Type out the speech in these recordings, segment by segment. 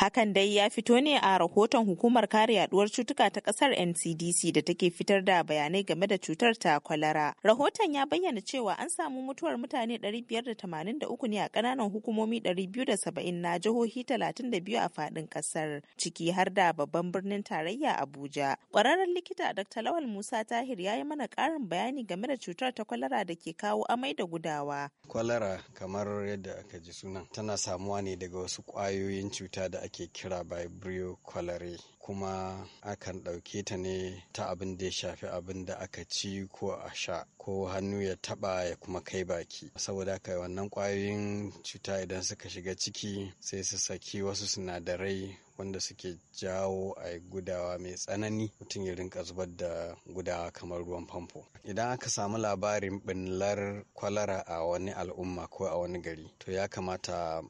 Hakan dai ya fito ne a rahoton hukumar kare yaduwar cutuka ta kasar NCDC da take fitar da bayanai game da cutar ta kwalara. Rahoton ya bayyana cewa an samu mutuwar mutane 583 ne a kananan hukumomi 270 na jihohi 32 a fadin kasar, ciki har da babban birnin tarayya Abuja. Kwararren likita Dr. Lawal Musa Tahir ya yi mana karin bayani game da cutar ta kwalara da ke kawo amai da gudawa. Kwalara kamar yadda aka ji sunan tana samuwa ne daga wasu kwayoyin cuta da ake kira vibrio cholerae kuma akan ɗauke ta ne ta abin da ya shafi abin da aka ci ko a sha ko hannu ya taɓa ya kuma kai baki saboda haka wannan ƙwayoyin cuta idan suka shiga ciki sai su saki wasu sinadarai wanda suke jawo a gudawa mai tsanani mutum ya rinka zubar da gudawa kamar ruwan famfo idan aka samu labarin binlar kwalara a wani al'umma ko a wani gari to ya kamata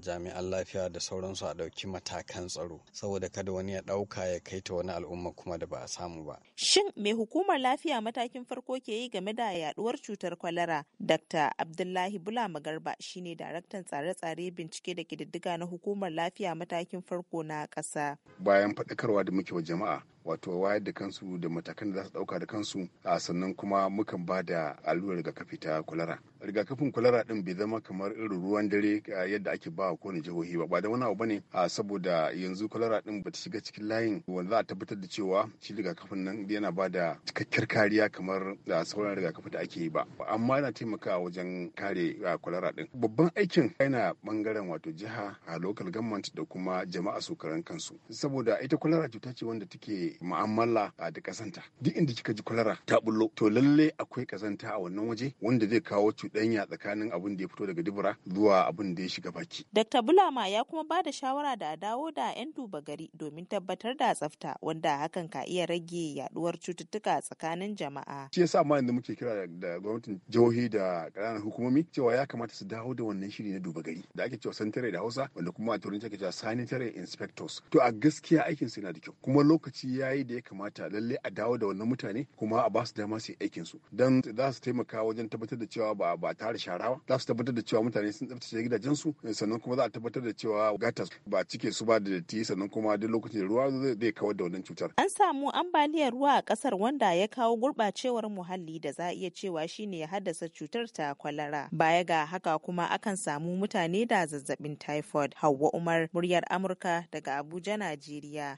jami'an lafiya da sauransu a ɗauki matakan tsaro saboda kada wani ya ɗauka ya kai ta wani al'umma kuma da ba a samu ba. Shin mai hukumar lafiya matakin farko ke yi game da yaduwar cutar kwalara? Dr. Abdullahi Bula Magarba shine daraktan tsare-tsare bincike da kididdiga na hukumar lafiya matakin farko na ƙasa. Bayan faɗakarwa da muke wa jama'a wato wayar da kansu da matakan da za su dauka da kansu a sannan kuma mukan ba da allurar rigakafi ta kwalara rigakafin kwalara din bai zama kamar irin ruwan dare yadda ake ba kowane jihohi ba ba da wani abu bane a saboda yanzu kwalara din bata shiga cikin layin wanda za a tabbatar da cewa shi rigakafin nan yana ba da cikakkiyar kariya kamar da sauran rigakafi da ake yi ba amma yana taimakawa wajen kare kwalara din babban aikin yana bangaren wato jiha a local government da kuma jama'a su karan kansu saboda ita kwalara cuta ce wanda take mu'amala da kazanta duk inda kika ji kwalara ta bullo to lalle akwai kazanta a wannan waje wanda zai kawo cuɗanya tsakanin abin da ya fito daga dubura zuwa abin da ya shiga baki. Dr. Bulama ya kuma ba da shawara da a dawo da 'yan duba gari domin tabbatar da tsafta wanda hakan ka iya rage yaduwar cututtuka tsakanin jama'a. Shi yasa ma yanzu muke kira da gwamnatin jihohi da ƙananan hukumomi cewa ya kamata su dawo da wannan shiri na duba gari da ake cewa santare da Hausa wanda kuma a turanci ake cewa sanitary inspectors. To a gaskiya aikin su yana da kyau kuma lokaci ya yayi da ya kamata lalle a dawo da wannan mutane kuma a basu su dama su aikin su dan za su taimaka wajen tabbatar da cewa ba ba tare sharawa za su tabbatar da cewa mutane sun tsaftace gidajen su eh, sannan kuma za a tabbatar da cewa gata ba cike su ba da datti sannan kuma duk lokacin ruwa zai kawar da wannan cutar an samu ambaliyar ruwa a kasar wanda ya kawo gurbacewar muhalli da za a iya cewa shine ya haddasa cutar ta kwalara baya ga haka kuma akan samu mutane da zazzabin typhoid hawa Umar muryar Amurka daga Abuja, Najeriya.